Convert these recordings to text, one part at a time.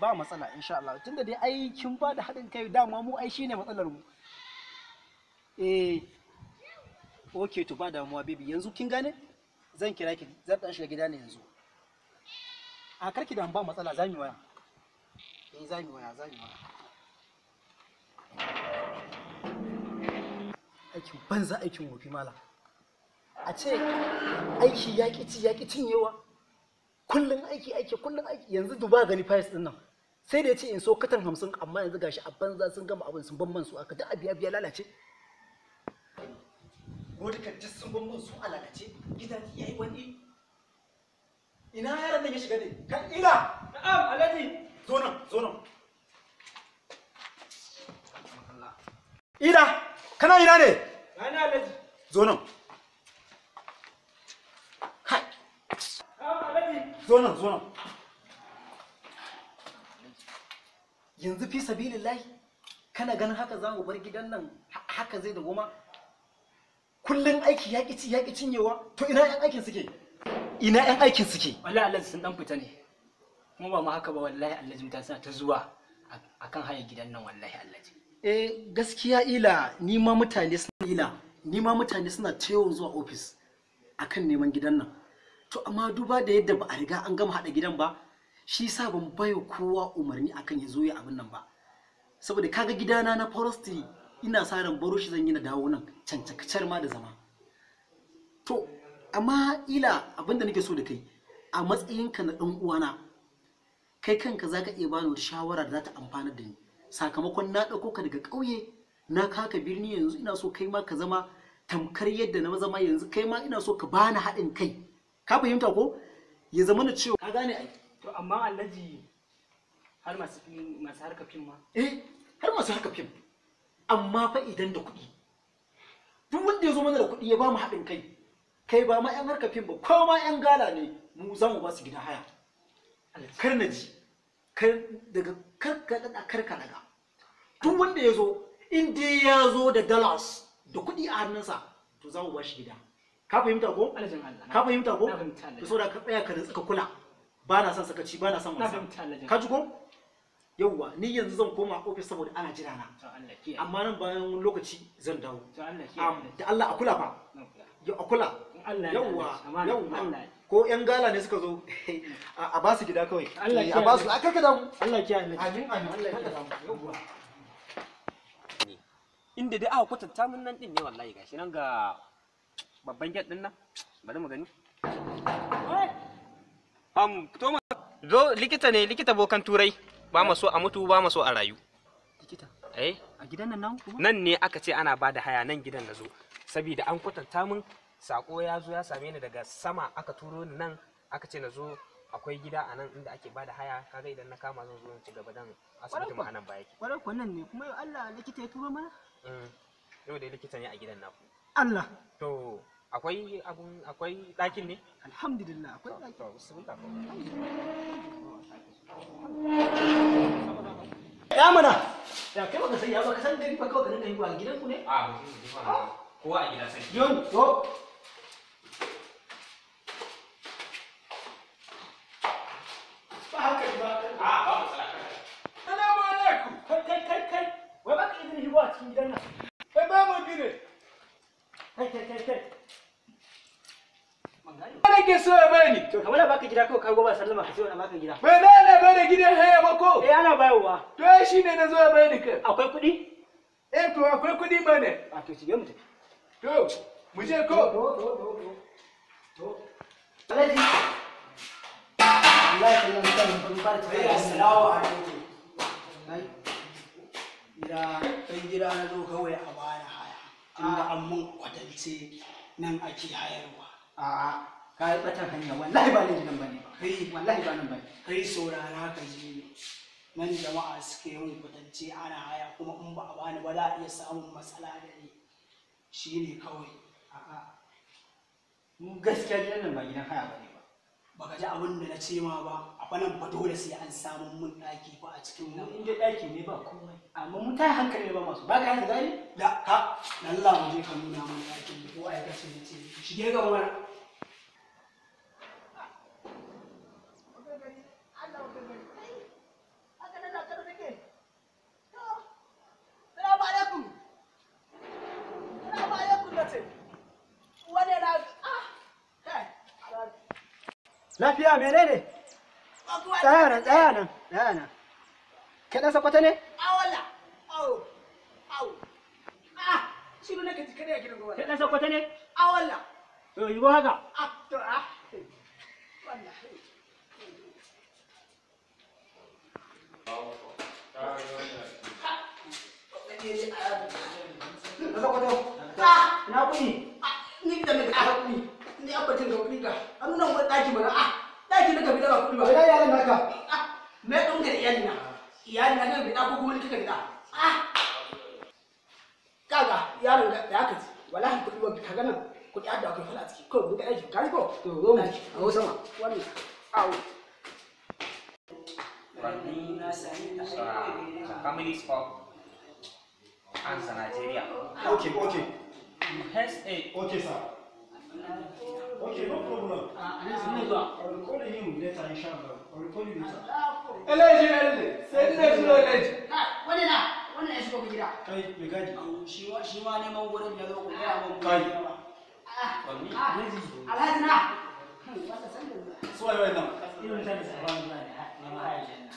ba matsala insha Allah tunda dai ai kin ba da haɗin kai dama mu ai shine matsalar mu eh okay to ba damuwa bibi yanzu kin gane zan kira ki zan dan shiga gida ne yanzu a karki da ba matsala za mu waya eh za mu waya za mu waya aikin banza aikin wofi mala a ce aiki ya ƙi ci ya ƙi yawa kullum aiki aiki kullum aiki yanzu duba gani fayas din nan sai da ya ce in so katan hamsin amma yanzu gashi a banza sun gama abin sun ban su aka da abiya biya lalace godukar duk sun ban su a lalace gidan ya yi wani ina yaran nan ya shiga ne kan ina na'am alhaji zo nan zo nan ina kana ina ne ana alhaji zo nan zo nan zo nan yanzu fi sabilillahi kana ganin haka za mu bar gidan nan haka zai da goma kullun aiki ya ci ya cinyewa to ina yan aikin suke ina yan aikin suke wallahi Allah sun dan fita ne kuma ba mu haka ba wallahi Allah ta sa ta zuwa akan haye gidan nan wallahi Allah eh gaskiya ila ni ma mutane suna ila ni ma mutane suna cewa zuwa office akan neman gidan nan to amma duba da yadda ba a riga an gama hada gidan ba shi sa ban baiwa kowa umarni akan ya zo ya abin nan ba saboda kaga gidana na forestry ina sa ran baro shi zan yi na dawo nan cancakacar ma da zama to amma ila abin da nake so da kai a matsayinka na ɗan uwana kai kanka za ka iya bani shawara da za ta amfana da ni sakamakon na ɗauko ka daga ƙauye na kaka birni yanzu ina so kai ma ka zama tamkar yadda na zama yanzu kai ma ina so ka bani haɗin kai ka fahimta ko ya zama na cewa ka gane ai to amma alhaji har masu masu harka fim ma eh har masu harka fim amma fa idan da kuɗi duk wanda ya zo mana da kuɗi ya ba mu haɗin kai kai ba ma yan harka fim ba ko ma yan gala ne mu za mu ba su gidan haya kar na ji kar daga karka daga karka daga duk wanda ya zo in dai ya zo da dollars da kuɗi a hannunsa to za mu ba shi gida ka fahimta ko ka fahimta ko to saboda ka tsaya ka kula ba na son sakaci ba na son wasa ka ji ko yauwa ni yanzu zan koma ofis saboda ana jira na amma nan bayan lokaci zan dawo da Allah a kula fa ya a kula yauwa yauwa ko yan gala ne suka zo a ba su gida kawai eh, a ba su a kaka mu Allah ya ne amin amin Allah mu yauwa inda dai aka kwatanta mun nan din ne wallahi gashi nan ga babban gate din nan bari mu gani am Thomas zo likita ne likita bokan turai ba mu so a mutu ba mu so a rayu likita eh a gidan nan nan kuma nan ne aka ce ana bada haya nan gidan na zo saboda an kwatanta min sako ya zo ya same ni daga sama aka turo ni nan aka ce na zo akwai gida a nan inda ake bada haya kaga idan na kama zan zo in ci gaba dan asibiti ma anan ba yake kwarar ko nan ne kuma Allah likita ya turo mana mm. yau da likita ne a gidan naku Allah to akwai abun akwai ɗakin ne alhamdulillah akwai ɗakin ya mana ya kai ya baka san gari kawai ka dinga yi gidan ku ne a a gida sai gida kawai ka goma sallama ka sai wani maka gida. Mai na ana bayar da gidan haya ko. Eh ana bayarwa. To eh shi ne na zo ya da kai. Akwai kuɗi? Eh to akwai kuɗi ne. A to shige mu tafi. To mu je ko. To to to to. To. Alhaji. Allah ya kalla mutane kun fara tafiya. Eh assalamu alaikum. Ai. Gida gida na zo kawai a baya haya. Tunda an mun kwatance nan ake hayarwa. A'a. ka yi batan hanya wallahi ba nan bane kai wallahi ba nan bane kai saurara ka ji nan jama'a suke yin kwatance ana haya kuma in ba a bani ba za a iya samun matsala da ni Shi ne kawai a'a mu gaskiya gidan nan ba gidan haya bane ba baka ji abin da na ce ma ba a nan fa dole sai an samu mun daki ba a cikin nan in dai daki ne ba komai amma mun tayi hankali ne ba masu ba ka yi zai da ka lalla mu je ka nuna mun dakin ko ai ka ce ne shige ga mana lafiya menene tsaya nan tsaya nan tsaya nan kai dan sakwata ne awala A ah shi ne nake kada ya gidan gowa kai dan sakwata ne awala to yi haka ah to ah. a. wallahi daki mana ah daki na kabila ba kuɗi ba ina yaran naka ah, ah, me ɗin ga iyali na iyali na ga bida ko kuma kika bida ah kaga yaron da ya kaji wallahi kuɗi ba kaga nan kuɗi adda akwai fala a ciki ko mun ga aiki kaji ko to zo mu a sama wannan awo Uh, families of Ansa Nigeria. Okay, okay. Has a okay, sir. Okay, no problem. Ah, I will call him later, inshallah. I will call you later. Eleji, Eleji. Send me Wani na, wani na ya shigo gida. Kai, me gadi. Shi ma shi ma neman gurin da zo ku ga Kai. Ah, ah, Alhaji na. Su waye waye nan? Irin ta da sabon Na mahaifin.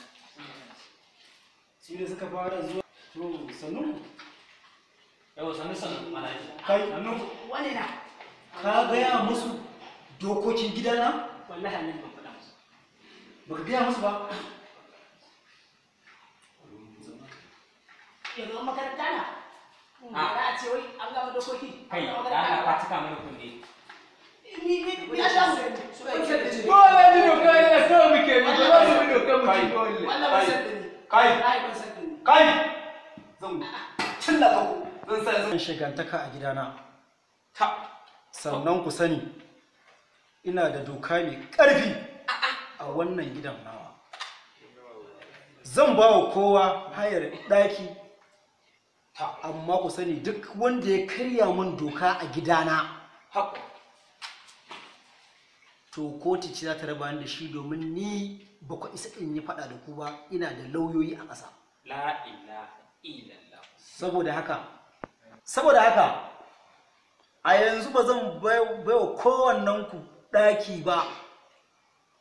Su ne suka fara zuwa. To, sannu. Yau sannu Kai, sannu. ka gaya musu dokokin gidana wallahi ne ban faɗa musu gaya musu ba yanzu makaranta na hmm. ba a ce wai an gama dokoki kai da ana fatika mana kunne eh, a da zan tilla ah, ah. ka a gidana ta sannan ku sani ina da doka mai ƙarfi a wannan gidan nawa zan ba wa kowa hayar ɗaki amma ku sani duk wanda ya karya min doka a gidana to koti ce za ta raba da shi domin ni ba ku isa in yi faɗa da ku ba ina da lauyoyi a ƙasa saboda haka saboda haka a yanzu ba zan baiwa kowannen ku ɗaki ba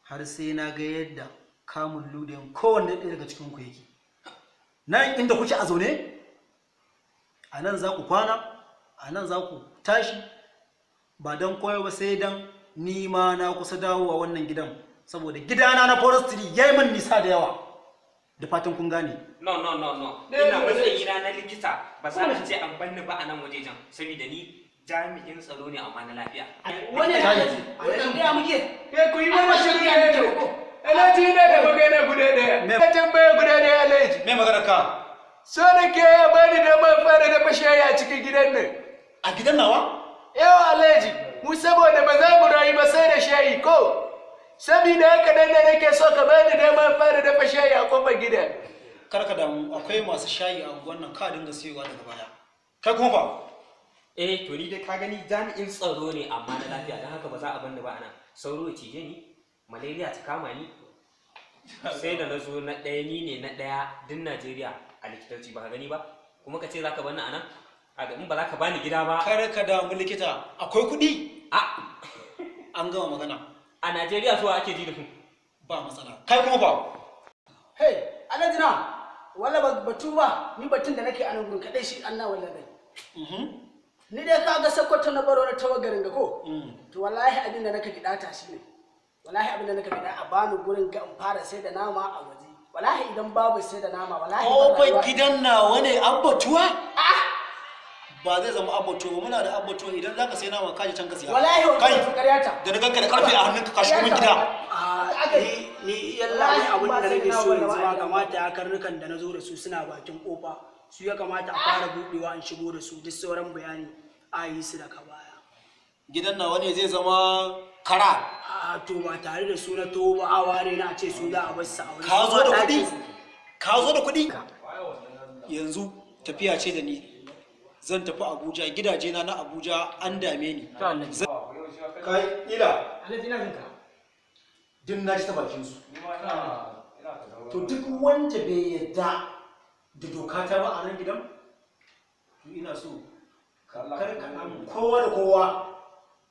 har sai na ga yadda kamun ludayin kowanne ɗaya daga cikin ku yake nan inda kuke a zaune a nan za ku kwana a nan za ku tashi ba don koyo ba sai don nima na kusa dawowa wannan gidan saboda gidana na forestry ya yi min nisa da yawa da fatan kun gane no no no no eh, ina matsayina eh. na likita ba sa ce an banni ba a nan wajejen saboda ni jami'in tsaro ne amma na lafiya. Wani da alaji, wani tambaya muke. Ke ku yi mana shirin ya yake. Alaji ne da magana guda ɗaya. ka tambaya guda ɗaya alaji. Me magana ka? So da ke ya bani dama fara da mashayi a cikin gidan nan. A gidan nawa? Yawa alaji, mu saboda ba za mu rayu ba sai da shayi ko. Sabida haka nan da nake so ka bani dama fara da mashayi a kofar gidan. Karka damu akwai masu shayi a wannan ka dinga siyowa daga baya. Kai kuma fa. eh to ni dai ka gani jami'in tsaro ne amma na lafiya don haka ba za a banni ba ana sauro ya cije ni malaria ta kama ni sai da na zo na ɗaya ni ne na ɗaya din najeriya a likitanci ba ka gani ba kuma ka ce za ka banni a nan a in ba za ka bani gida ba kar ka damu likita akwai kuɗi a an gama magana a najeriya zuwa ake ji da su ba matsala kai kuma ba hey alhaji na wala batu ba ni batun da nake a nan gurin kaɗai shi allah wallahi mhm. ni dai ka ga sakkwato na baro na tawagarin da ko mm. to wallahi abin da naka gida ta shi ne wallahi abin da naka gida a bani gurin ga in fara sai da nama a waje wallahi idan babu sai da nama wallahi ko kai gidan na wane abbatuwa ah! ba zai zama abbatuwa ba muna da abbatuwa idan zaka sai nama kaje can ka wallahi kai da na ganka da karfe a hannunka ka shigo mun gida ah, ni yallahi abin da nake so yanzu ba kamata ya karnukan da na zo da su suna bakin kofa su ya kamata a fara buɗewa an shigo da su duk sauran bayani a yi su daga baya gidan nawa ne zai zama kara a to ba tare da su na to ba a ware na a ce su za a bar sa a wani ka zo da kuɗi ka zo da kuɗi yanzu tafiya ce da ni zan tafi abuja gidaje na na abuja an dame ni kai ila Din na ji ta bakin su to duk wanda bai yadda da doka ta ba a nan gidan to ina so kar ka kowa da kowa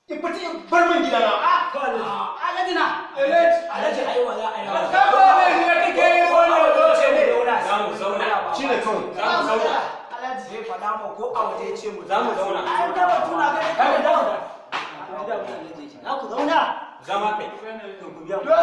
in fata in bar man gidana a kawai alaji na alaji aiwa za a yi wa kawai ne ya kake yi wani zo ce mu zauna za mu zauna shi ne kawai za mu zauna alaji zai faɗa mu ko a waje ce mu za mu zauna yi taba tuna ga kawai za mu zauna na ku zauna zama kai to ku biya